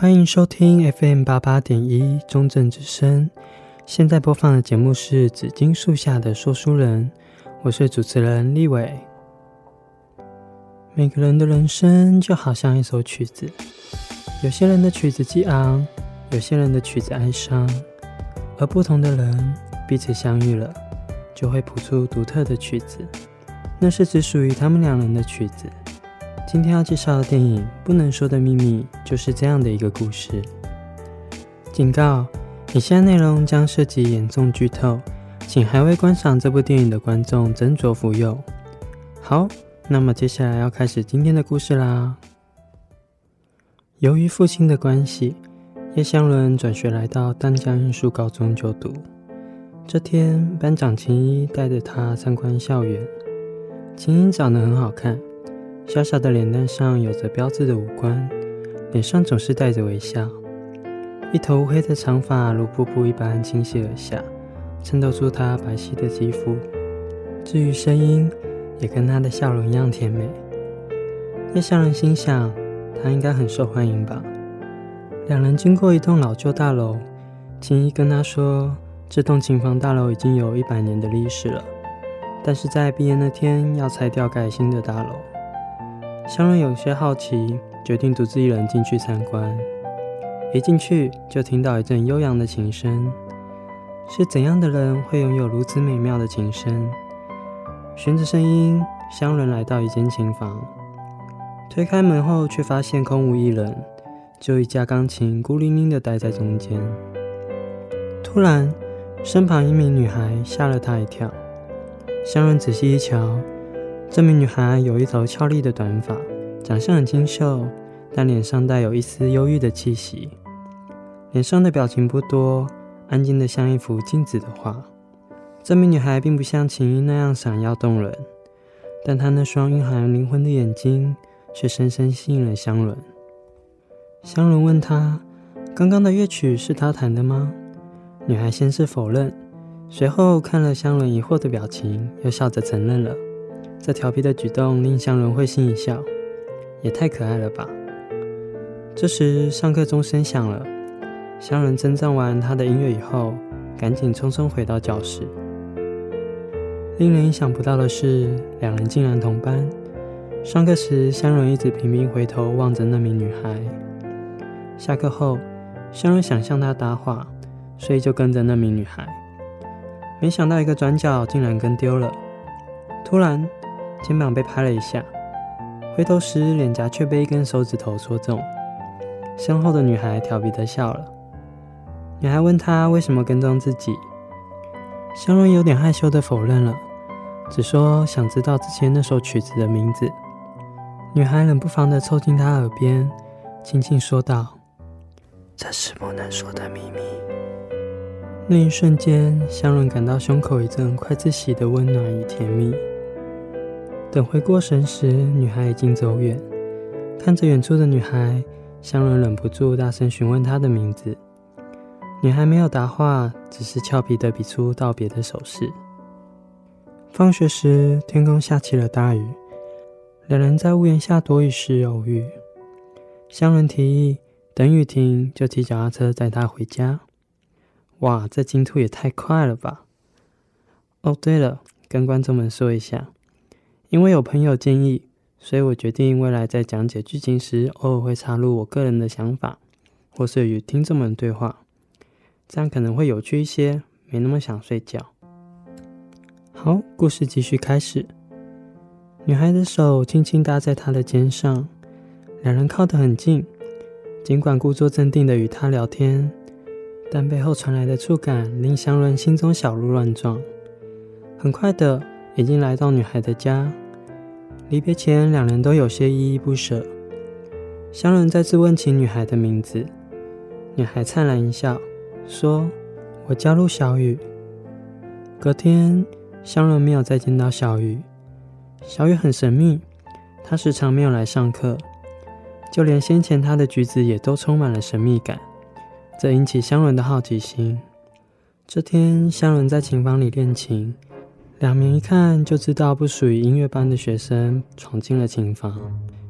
歡迎收聽 FM 八八點一中正之聲，現在播放的節目是《紫荊樹下的說書人》，我是主持人立偉。每個人的人生就好像一首曲子，有些人的曲子激昂，有些人的曲子哀傷，而不同的人彼此相遇了，就會譜出獨特的曲子，那是只屬於他們兩人的曲子。今天要介紹的電影《不能說的秘密》就是這樣的一個故事。警告：以下內容將涉及嚴重劇透，請還未觀賞這部電影的觀眾斟酌服用。好，那麼接下來要開始今天的故事啦。由於父親的關係，葉湘倫轉學來到淡江藝術高中就讀。這天，班長晴依帶着他參觀校園。晴依長得很好看。小小的臉蛋上有着標緻的五官，臉上總是帶着微笑。一頭烏黑的長髮如瀑布一般傾瀉而下，襯托出她白皙的肌膚。至於聲音，也跟她的笑容一樣甜美。葉湘倫心想，她應該很受歡迎吧。兩人經過一棟老舊大樓，晴依跟她說：“這棟琴房大樓已經有一百年的歷史了，但是在畢業那天要拆掉蓋新的大樓。”湘倫有些好奇，決定獨自一人進去參觀。一進去就聽到一陣悠揚的琴聲，是怎樣的人會擁有如此美妙的琴聲？循着聲音，湘倫來到一間琴房，推開門後卻發現空無一人，就一架鋼琴孤零零地待在中間。突然，身旁一名女孩嚇了他一跳。湘倫仔細一瞧。這名女孩有一頭俏麗的短髮，長相很清秀，但臉上帶有一絲憂鬱的氣息。臉上的表情不多，安靜的像一幅靜止的畫。這名女孩並不像琴音那樣閃耀動人，但她那雙蘊含靈魂的眼睛卻深深吸引了湘倫。湘倫問她：“剛剛的樂曲是她彈的嗎？”女孩先是否認，隨後看了湘倫疑惑的表情，又笑着承認了。這調皮的舉動令湘倫會心一笑，也太可愛了吧！這時，上課鐘聲響了，湘倫稱讚完他的音樂以後，趕緊匆匆回到教室。令人意想不到的是，兩人竟然同班。上課時，湘倫一直頻頻回頭望着那名女孩。下課後，湘倫想向她搭話，所以就跟着那名女孩。沒想到，一個轉角竟然跟丟了。突然。肩膀被拍了一下，回頭時臉頰卻被一根手指頭戳中。身後的女孩調皮地笑了。女孩問他為什麼跟蹤自己，湘倫有點害羞地否認了，只說想知道之前那首曲子的名字。女孩冷不防地湊近他耳邊，輕輕說道：“這是不能說的秘密。”那一瞬間，湘倫感到胸口一陣快窒息的溫暖與甜蜜。等回過神時，女孩已經走遠。看着遠處的女孩，湘倫忍不住大聲詢問她的名字。女孩沒有答話，只是俏皮地比出道別的手勢。放學時，天空下起了大雨，兩人，人在屋檐下躲雨時偶遇。湘倫提議等雨停就騎腳踏車載她回家。哇，這進度也太快了吧！哦，對了，跟觀眾們說一下。因為有朋友建議，所以我決定未來在講解劇情時，偶爾會插入我個人的想法，或是與聽眾們對話，這樣可能會有趣一些，沒那麼想睡覺。好，故事繼續開始。女孩的手輕輕搭在他的肩上，兩人靠得很近，盡管故作鎮定地與他聊天，但背後傳來的觸感令湘倫心中小鹿亂撞。很快的。已經來到女孩的家，離別前，兩人都有些依依不捨。湘倫再次問起女孩的名字，女孩燦爛一笑，說：“我叫路小雨。”隔天，湘倫沒有再見到小雨。小雨很神秘，她時常沒有來上課，就連先前她的舉止也都充滿了神秘感，這引起湘倫的好奇心。這天，湘倫在琴房裡練琴。兩名一看就知道不屬於音樂班的學生闖進了琴房。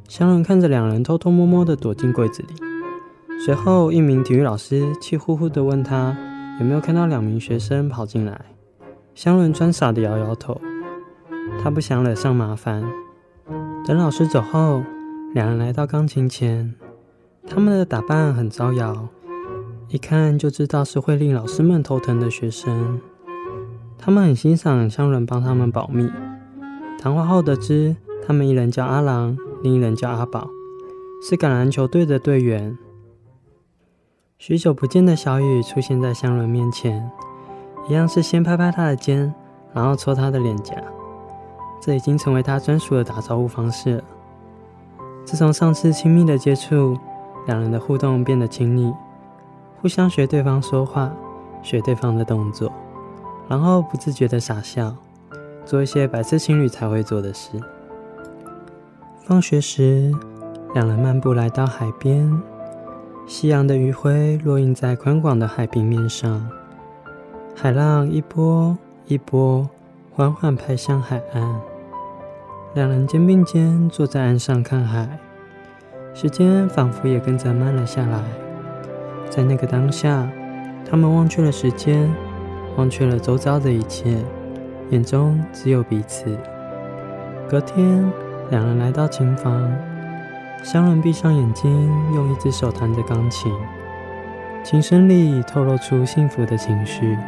湘倫看着兩人偷偷摸摸地躲進櫃子裡。隨後，一名體育老師氣呼呼地問他：“有沒有看到兩名學生跑進來？”湘倫裝傻地搖搖頭，他不想惹上麻煩。等老師走後，兩人來到鋼琴前。他們的打扮很招搖，一看就知道是會令老師們頭疼的學生。他們很欣賞湘倫幫他們保密。談話後得知，他們一人叫阿郎，另一人叫阿寶，是橄欖球隊的隊員。許久不見的小雨出現在湘倫面前，一樣是先拍拍他的肩，然後抽他的臉頰，這已經成為他專屬的打招呼方式了。自從上次親密的接觸，兩人的互動變得親密，互相學對方說話，學對方的動作。然後不自覺地傻笑，做一些白色情侶才會做的事。放學時，兩人漫步來到海邊，夕陽的餘暉落映在寬廣的海平面上，海浪一波一波一波緩緩拍向海岸。兩人肩並肩坐在岸上看海，時間仿佛也跟着慢了下來。在那個當下，他們忘卻了時間。忘卻了周遭的一切，眼中只有彼此。隔天，兩人來到琴房，湘倫閉上眼睛，用一隻手彈着鋼琴，琴聲裡透露出幸福的情緒。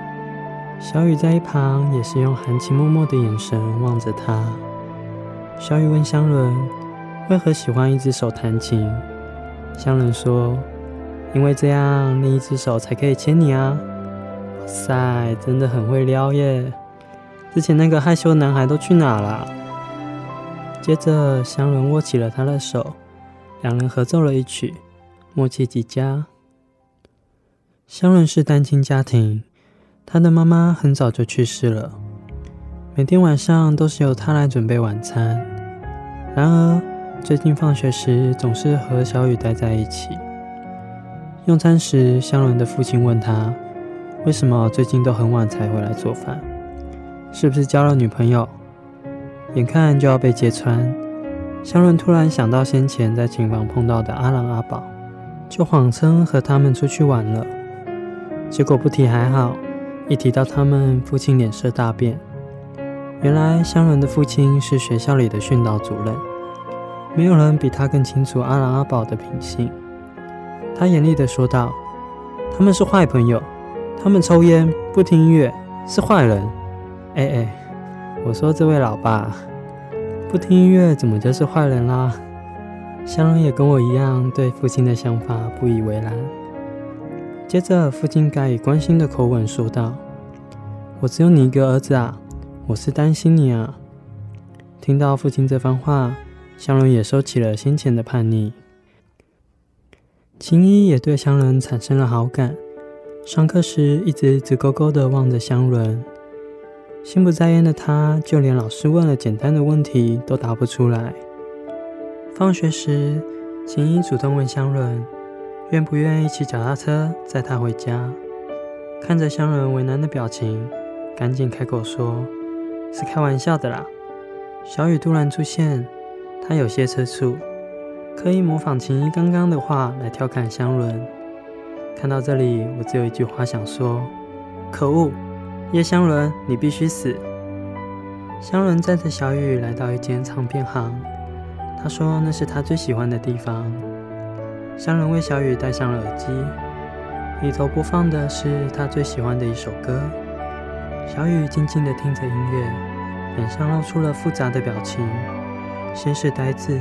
小雨在一旁也是用含情脈脈的眼神望着他。小雨問湘倫：“為何喜歡一隻手彈琴？”湘倫說：“因為這樣另一隻手才可以牽你啊。”哇塞，真的很會撩耶！之前那個害羞的男孩都去哪了？接着，湘倫握起了他的手，兩人合奏了一曲，默契極佳。湘倫是單親家庭，他的媽媽很早就去世了，每天晚上都是由他來準備晚餐。然而，最近放學時總是和小雨待在一起。用餐時，湘倫的父親問他。為什麼最近都很晚才回來做飯？是不是交了女朋友？眼看就要被揭穿，湘倫突然想到先前在琴房碰到的阿郎阿寶，就謊稱和他們出去玩了。結果不提還好，一提到他們，父親臉色大變。原來湘倫的父親是學校裡的訓導主任，沒有人比他更清楚阿郎阿寶的品性。他嚴厲地說道：“他們是壞朋友。”他們抽煙不聽音樂是壞人，哎哎，我說這位老爸，不聽音樂怎麼就是壞人啦、啊？湘倫也跟我一樣對父親的想法不以為然。接着父親改以關心的口吻說道：“我只有你一個兒子啊，我是擔心你啊。”聽到父親這番話，湘倫也收起了先前的叛逆。晴依也對湘倫產生了好感。上課時一直直勾勾地望着湘倫，心不在焉的她，就連老師問了簡單的問題都答不出來。放學時，晴依主動問湘倫願不願意騎腳踏車載她回家，看着湘倫為難的表情，趕緊開口說：“是開玩笑的啦。”小雨突然出現，她有些吃醋，刻意模仿晴依剛剛的話來調侃湘倫。看到這裡，我只有一句話想說：可惡，葉湘倫，你必須死！湘倫載着小雨來到一間唱片行，他說那是他最喜歡的地方。湘倫為小雨戴上了耳機，裡頭播放的是他最喜歡的一首歌。小雨靜靜的聽着音樂，臉上露出了複雜的表情，先是呆滯，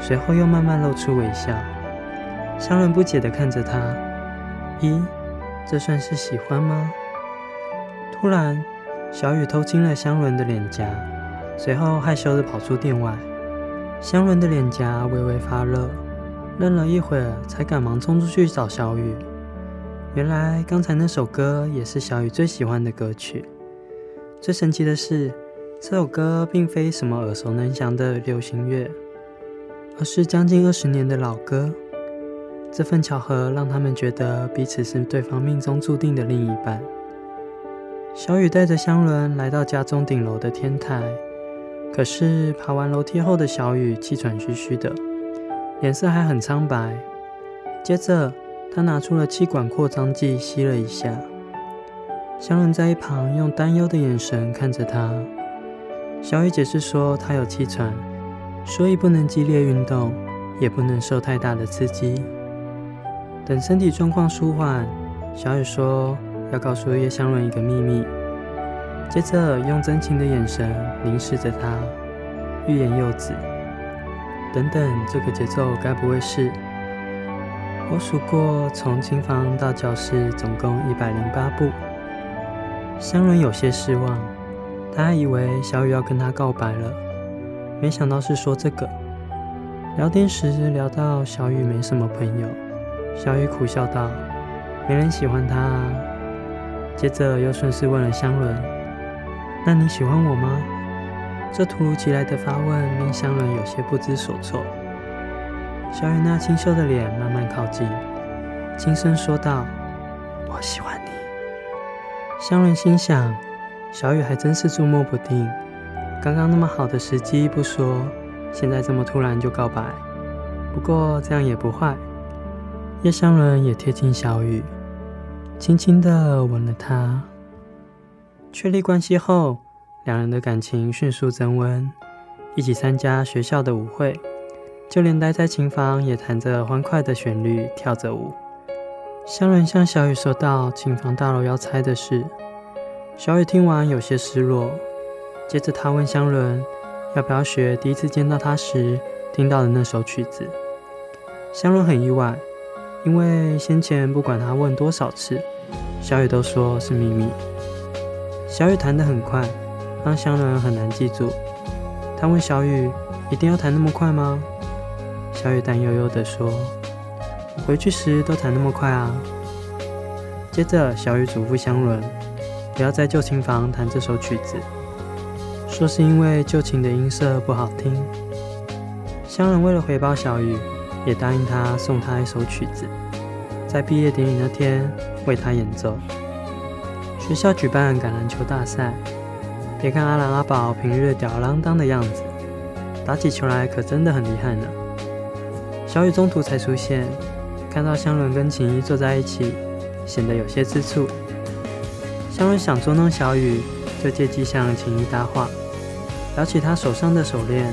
隨後又慢慢露出微笑。湘倫不解地看着他。咦，這算是喜歡嗎？突然，小雨偷親了湘倫的臉頰，隨後害羞的跑出店外。湘倫的臉頰微微發熱，愣了一會兒，才趕忙衝出去找小雨。原來，剛才那首歌也是小雨最喜歡的歌曲。最神奇的是，這首歌並非什麼耳熟能詳的流行樂，而是將近二十年的老歌。這份巧合讓他們覺得彼此是對方命中注定的另一半。小雨帶着湘倫來到家中頂樓的天台，可是爬完樓梯後的小雨氣喘吁吁的，臉色還很蒼白。接着，她拿出了氣管擴張劑吸了一下。湘倫在一旁用擔憂的眼神看着她。小雨解釋說，她有氣喘，所以不能激烈運動，也不能受太大的刺激。等身體狀況舒緩，小雨說要告訴葉湘倫一個秘密，接着用真情的眼神凝視着他，欲言又止。等等，這個節奏該不會是？我數過，從琴房到教室總共一百零八步。湘倫有些失望，他還以為小雨要跟他告白了，沒想到是說這個。聊天時聊到小雨沒什麼朋友。小雨苦笑道：“沒人喜歡他啊。”接着又順勢問了湘倫：“那你喜歡我嗎？”這突如其來的發問令湘倫有些不知所措。小雨那清秀的臉慢慢靠近，輕聲說道：“我喜歡你。”湘倫心想：“小雨還真是捉摸不定，剛剛那麼好的時機不說，現在這麼突然就告白。不過這樣也不壞。”葉湘倫也貼近小雨，輕輕地吻了她。確立關係後，兩人的感情迅速增溫，一起參加學校的舞會，就連待在琴房也彈着歡快的旋律跳着舞。湘倫向小雨說到：“琴房大樓要拆的事。”小雨聽完有些失落，接着她問湘倫：“要不要學第一次見到他時聽到的那首曲子？”湘倫很意外。因為先前不管他問多少次，小雨都說是秘密。小雨彈得很快，讓湘倫很難記住。他問小雨：“一定要彈那麼快嗎？”小雨擔憂憂地說：“回去時都彈那麼快啊。”接着，小雨囑咐湘倫：“不要在舊琴房彈這首曲子，說是因為舊琴的音色不好聽。”湘倫為了回報小雨，也答應他送他一首曲子，在畢業典禮那天為他演奏。學校舉辦橄欖球大賽，別看阿蘭阿寶平日吊兒郎當的樣子，打起球來可真的很厲害呢。小雨中途才出現，看到湘倫跟晴依坐在一起，顯得有些吃醋。湘倫想捉弄小雨，就借機向晴依搭話，聊起他手上的手鏈。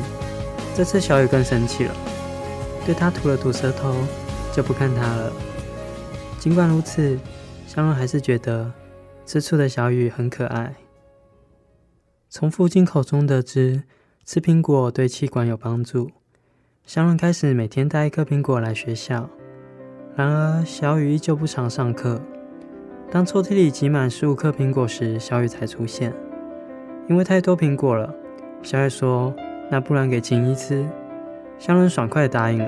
這次小雨更生氣了。對他吐了吐舌頭，就不看他了。儘管如此，湘倫還是覺得吃醋的小雨很可愛。從父親口中得知，吃蘋果對氣管有幫助，湘倫開始每天帶一顆蘋果來學校。然而，小雨依舊不常上課。當抽屜裡擠滿十五顆蘋果時，小雨才出現。因為太多蘋果了，小雨說：“那不然給晴依吃。”湘倫爽快地答應了，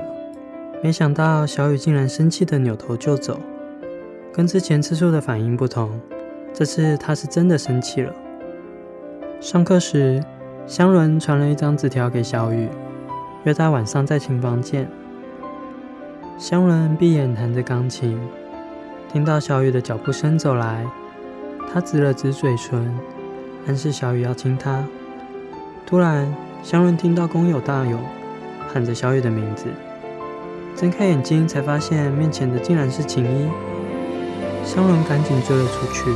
沒想到小雨竟然生氣地扭頭就走，跟之前吃醋的反應不同，這次她是真的生氣了。上課時，湘倫傳了一張紙條給小雨，約她晚上在琴房見。湘倫閉眼彈着鋼琴，聽到小雨的腳步聲走來，她指了指嘴唇，暗示小雨要親她。突然，湘倫聽到工友大有，喊着小雨的名字，睜開眼睛才發現面前的竟然是晴依。湘倫趕緊追了出去，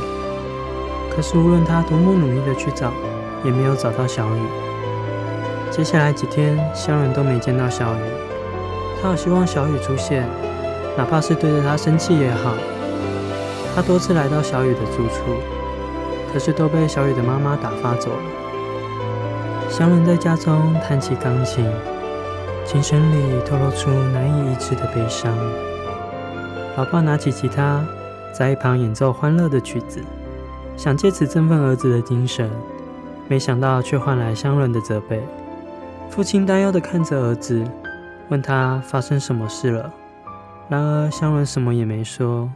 可是無論他多麼努力的去找，也沒有找到小雨。接下來幾天，湘倫都沒見到小雨。他好希望小雨出現，哪怕是對着他生氣也好。他多次來到小雨的住處，可是都被小雨的媽媽打發走了。湘倫在家中彈起鋼琴。琴聲裡透露出難以抑制的悲傷。老爸拿起吉他，在一旁演奏歡樂的曲子，想借此振奮兒子的精神，沒想到卻換來湘倫的責備。父親擔憂的看着兒子，問他發生什麼事了。然而湘倫什麼也沒說，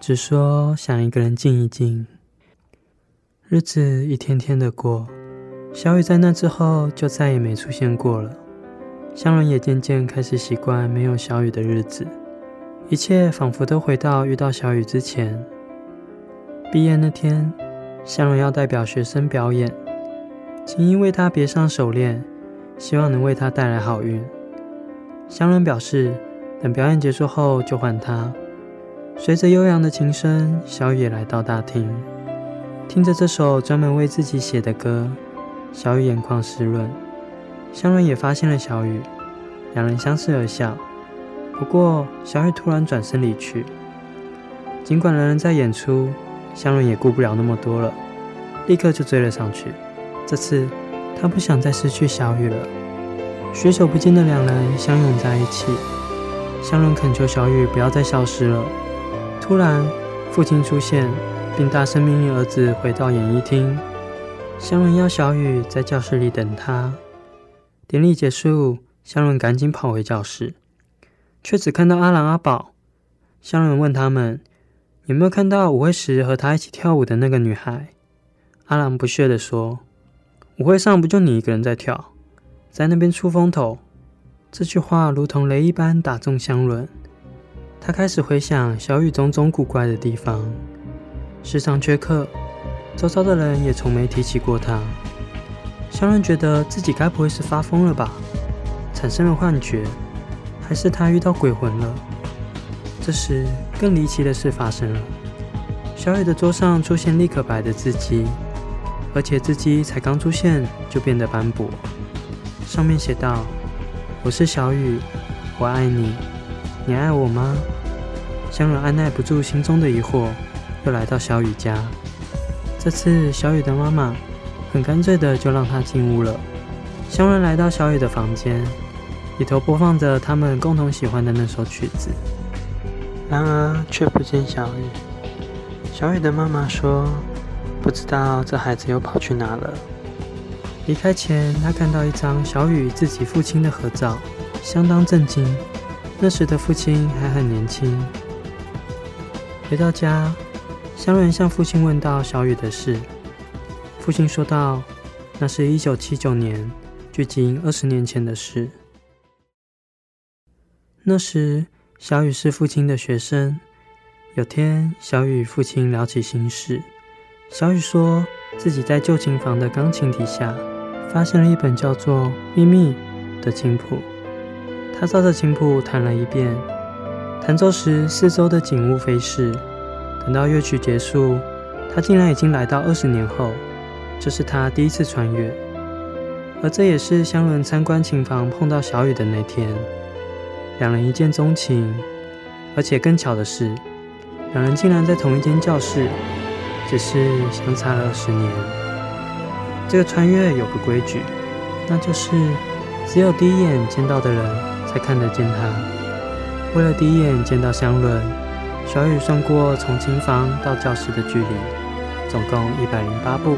只說想一個人靜一靜。日子一天天的過，小雨在那之後就再也沒出現過了。湘倫也漸漸開始習慣沒有小雨的日子，一切仿佛都回到遇到小雨之前。畢業那天，湘倫要代表學生表演，晴依為他別上手鏈，希望能為他帶來好運。湘倫表示，等表演結束後就換他。隨着悠揚的琴聲，小雨也來到大廳，聽着這首專門為自己寫的歌，小雨眼眶濕潤。湘倫也發現了小雨，兩人相視而笑。不過，小雨突然轉身離去。儘管仍在演出，湘倫也顧不了那麼多了，立刻就追了上去。這次，他不想再失去小雨了。許久不見的兩人相擁在一起。湘倫懇求小雨不要再消失了。突然，父親出現，並大聲命令兒子回到演藝廳。湘倫要小雨在教室裡等他。典禮結束，湘倫趕緊跑回教室，卻只看到阿蘭阿寶。湘倫問他們：“有沒有看到舞會時和他一起跳舞的那個女孩？”阿蘭不屑地說：“舞會上不就你一個人在跳，在那邊出風頭。”這句話如同雷一般打中湘倫，他開始回想小雨種種古怪的地方，時常缺課，周遭的人也從沒提起過他。湘倫覺得自己該不會是發瘋了吧，產生了幻覺，還是他遇到鬼魂了？這時，更離奇的事發生了：小雨的桌上出現立可白的字跡，而且字跡才剛出現就變得斑駁，上面寫道：“我是小雨，我愛你，你愛我嗎？”湘倫按捺不住心中的疑惑，又來到小雨家。這次，小雨的媽媽很乾脆的就讓他進屋了。湘倫來到小雨的房間，裡頭播放着他們共同喜歡的那首曲子，然而卻不見小雨。小雨的媽媽說：“不知道這孩子又跑去哪了。”離開前，他看到一張小雨自己父親的合照，相當震驚。那時的父親還很年輕。回到家，湘倫向父親問道小雨的事。父親說道：“那是一九七九年，距今二十年前的事。那時，小雨是父親的學生。有天，小雨與父親聊起心事。小雨說自己在舊琴房的鋼琴底下，發現了一本叫做《秘密》的琴譜。他照着琴譜彈了一遍，彈奏時四周的景物飛逝。等到樂曲結束，他竟然已經來到二十年後。”這是他第一次穿越，而這也是湘倫參觀琴房碰到小雨的那天。兩人一見鍾情，而且更巧的是，兩人竟然在同一間教室，只是相差了二十年。這個穿越有個規矩，那就是只有第一眼見到的人才看得見他。為了第一眼見到湘倫，小雨算過從琴房到教室的距離，總共一百零八步。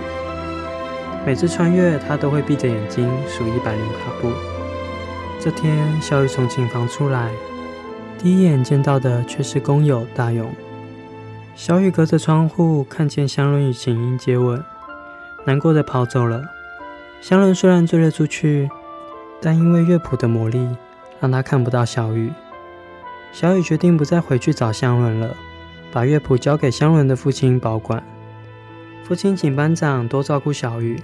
每次穿越，他都會閉着眼睛數一百零八步。這天，小雨從琴房出來，第一眼見到的卻是工友大勇。小雨隔着窗戶看見湘倫與晴依接吻，難過的跑走了。湘倫雖然追了出去，但因為樂譜的魔力，讓他看不到小雨。小雨決定不再回去找湘倫了，把樂譜交給湘倫的父親保管。父親請班長多照顧小雨，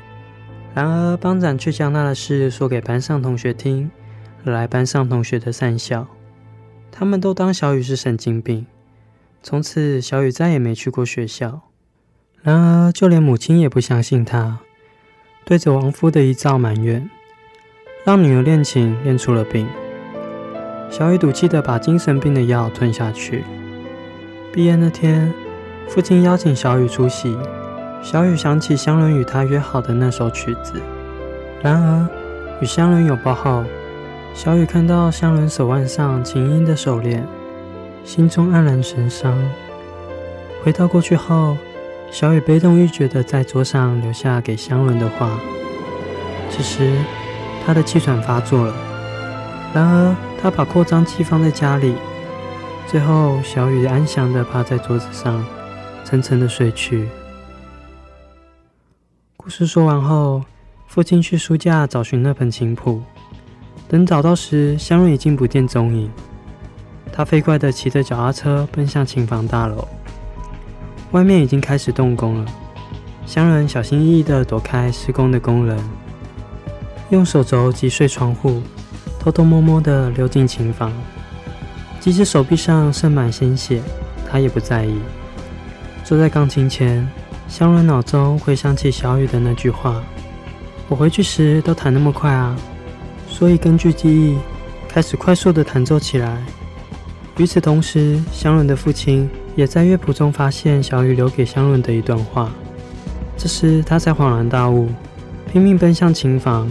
然而班長卻將她的事說給班上同學聽，惹來班上同學的訕笑。他們都當小雨是神經病。從此，小雨再也沒去過學校。然而，就連母親也不相信她，對着亡夫的遺照埋怨，讓女兒練琴練出了病。小雨賭氣地把精神病的藥吞下去。畢業那天，父親邀請小雨出席。小雨想起湘倫與他約好的那首曲子，然而與湘倫擁抱後，小雨看到湘倫手腕上琴音的手鏈，心中黯然神傷。回到過去後，小雨悲痛欲絕地在桌上留下給湘倫的話。此時，他的氣喘發作了。然而，他把擴張器放在家裡。最後，小雨安詳地趴在桌子上，沉沉的睡去。故事說完後，父親去書架找尋那本琴譜。等找到時，湘倫已經不見蹤影。他飛快地騎着腳踏車奔向琴房大樓。外面已經開始動工了。湘倫小心翼翼地躲開施工的工人，用手肘擊碎窗戶，偷偷摸摸地溜進琴房。即使手臂上滲滿鮮血，他也不在意。坐在鋼琴前。香倫腦中回想起小雨的那句話：“我回去時都彈那麼快啊！”所以根據記憶，開始快速地彈奏起來。與此同時，香倫的父親也在樂譜中發現小雨留給香倫的一段話。這時他才恍然大悟，拼命奔向琴房。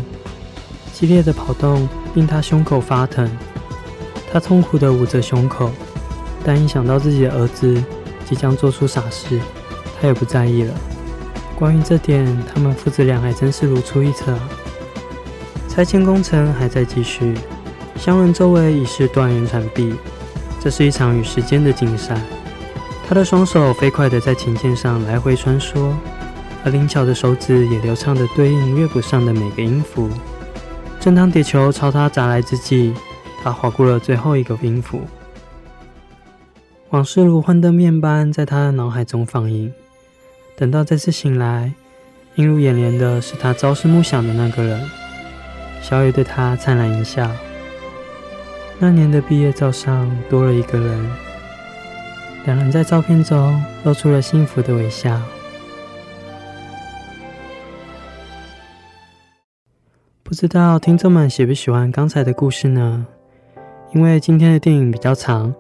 激烈的跑動令他胸口發疼，他痛苦地捂着胸口，但一想到自己的兒子即將做出傻事。他也不在意了。關於這點，他們父子倆還真是如出一轍。拆遷工程還在繼續，湘倫周圍已是斷垣殘壁。這是一場與時間的競賽。他的雙手飛快地在琴鍵上來回穿梭，而靈巧的手指也流暢地對應樂譜上的每個音符。正當鐵球朝他砸來之際，他劃過了最後一個音符。往事如幻燈片般在他的腦海中放映。等到再次醒來，映入眼簾的是他朝思暮想的那個人。小雨對他燦爛一笑。那年的畢業照上多了一個人，兩人在照片中露出了幸福的微笑。不知道聽眾們喜不喜歡剛才的故事呢？因為今天的電影比較長，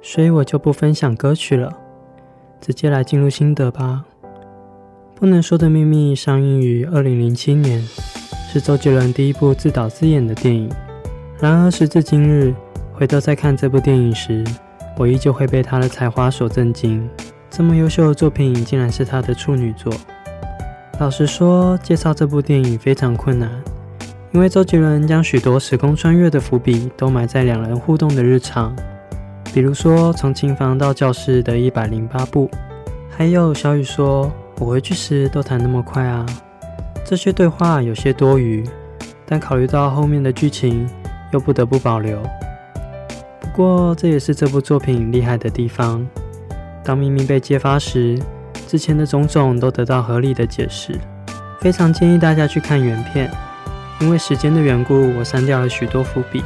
所以我就不分享歌曲了，直接來進入心得吧。不能說的秘密上映於二零零七年，是周杰倫第一部自導自演的電影。然而時至今日，回頭再看這部電影時，我依舊會被他的才華所震驚。這麼優秀的作品，竟然是他的處女作。老實說，介紹這部電影非常困難，因為周杰倫將許多時空穿越的伏筆都埋在兩人互動的日常，比如說從琴房到教室的一百零八步，還有小雨說。我回去時都彈那麼快啊？這些對話有些多餘，但考慮到後面的劇情，又不得不保留。不過這也是這部作品厲害的地方。當秘密被揭發時，之前的種種都得到合理的解釋。非常建議大家去看原片，因為時間的緣故，我刪掉了許多伏筆。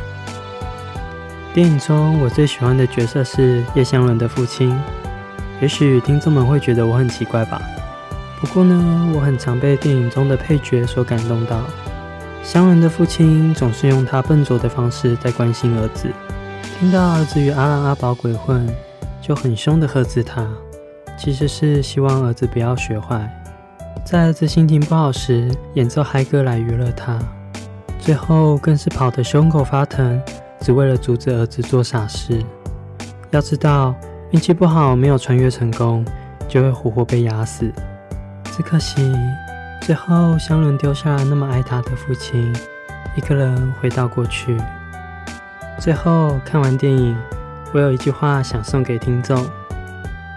電影中我最喜歡的角色是葉湘倫的父親。也許聽眾們會覺得我很奇怪吧。不過呢，我很常被電影中的配角所感動到。湘倫的父親總是用他笨拙的方式在關心兒子，聽到兒子與阿蘭阿寶鬼混，就很凶的呵斥他，其實是希望兒子不要學壞。在兒子心情不好時，演奏嗨歌來娛樂他，最後更是跑得胸口發疼，只為了阻止兒子做傻事。要知道，運氣不好沒有穿越成功，就會活活被壓死。只可惜，最後湘倫丟下了那麼愛她的父親，一個人回到過去。最後看完電影，我有一句話想送給聽眾：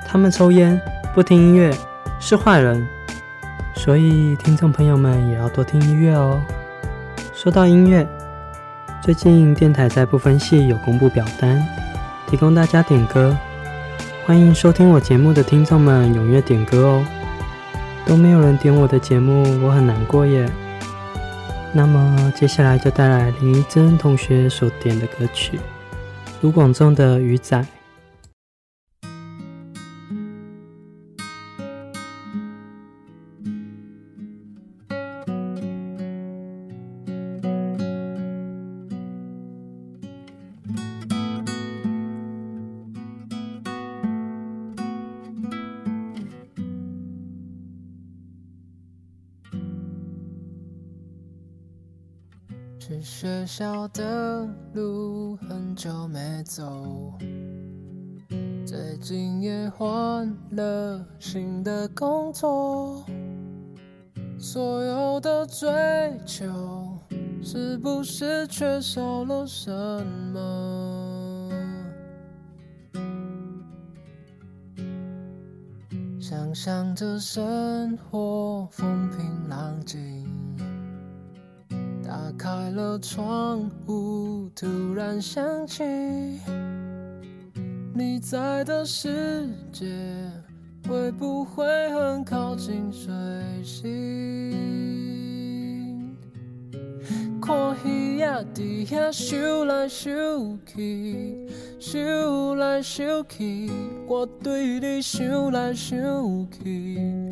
他們抽煙不聽音樂是壞人，所以聽眾朋友們也要多聽音樂哦。說到音樂，最近電台在部分系有公布表單，提供大家點歌，歡迎收聽我節目的聽眾們踴躍點歌哦。都沒有人點我的節目，我很難過耶。那麼接下來就帶來林依珍同學所點的歌曲，盧廣仲的《魚仔》。走，最近也換了新的工作，所有的追求是不是缺少了什麼？想象着生活風平浪靜。打開了窗戶，突然想起你在的世界，會不會很靠近水星？看魚仔在那游來游去，游來游去，我對你想來想去。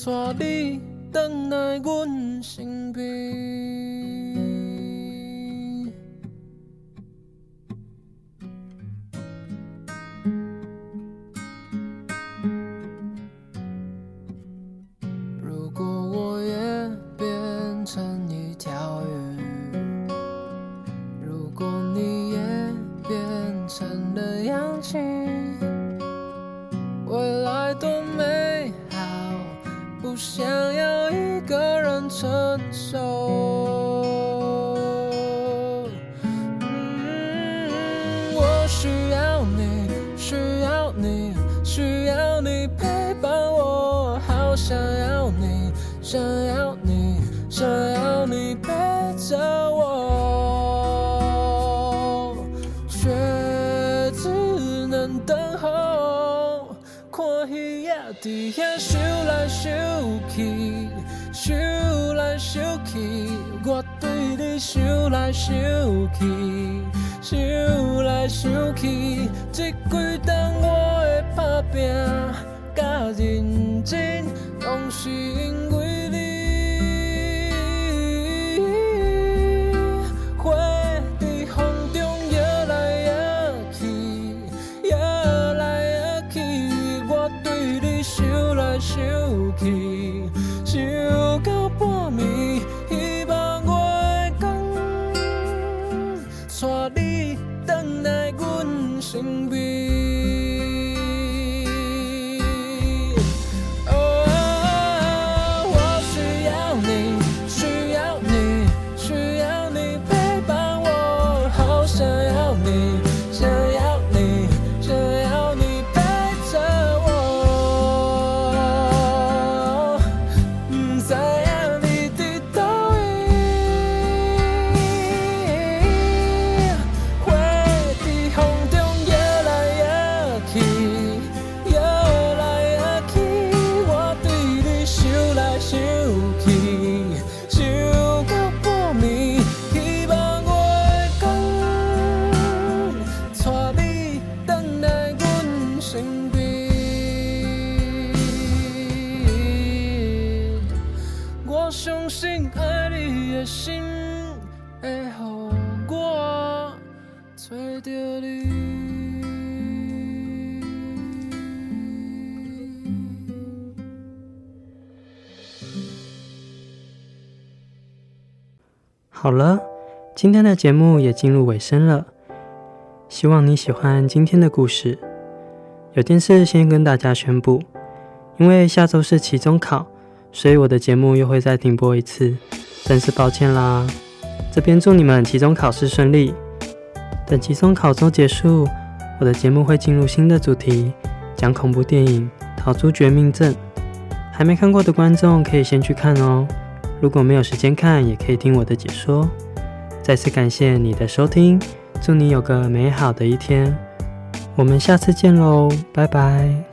帶你回來，我身邊。我在遐想來想去，想來想去，我對你想來想去，想來想去，嗯、這幾年我的打拼甲認真用心。好了，今天的節目也進入尾聲了，希望你喜歡今天的故事。有件事先跟大家宣布，因為下周是期中考，所以我的節目又會再停播一次，真是抱歉啦。這邊祝你們期中考試順利。等期中考周結束，我的節目會進入新的主題，講恐怖電影《逃出絕命鎮》，還沒看過的觀眾可以先去看哦。如果沒有時間看，也可以聽我的解說。再次感謝你的收聽，祝你有個美好的一天。我們下次見嘍，拜拜。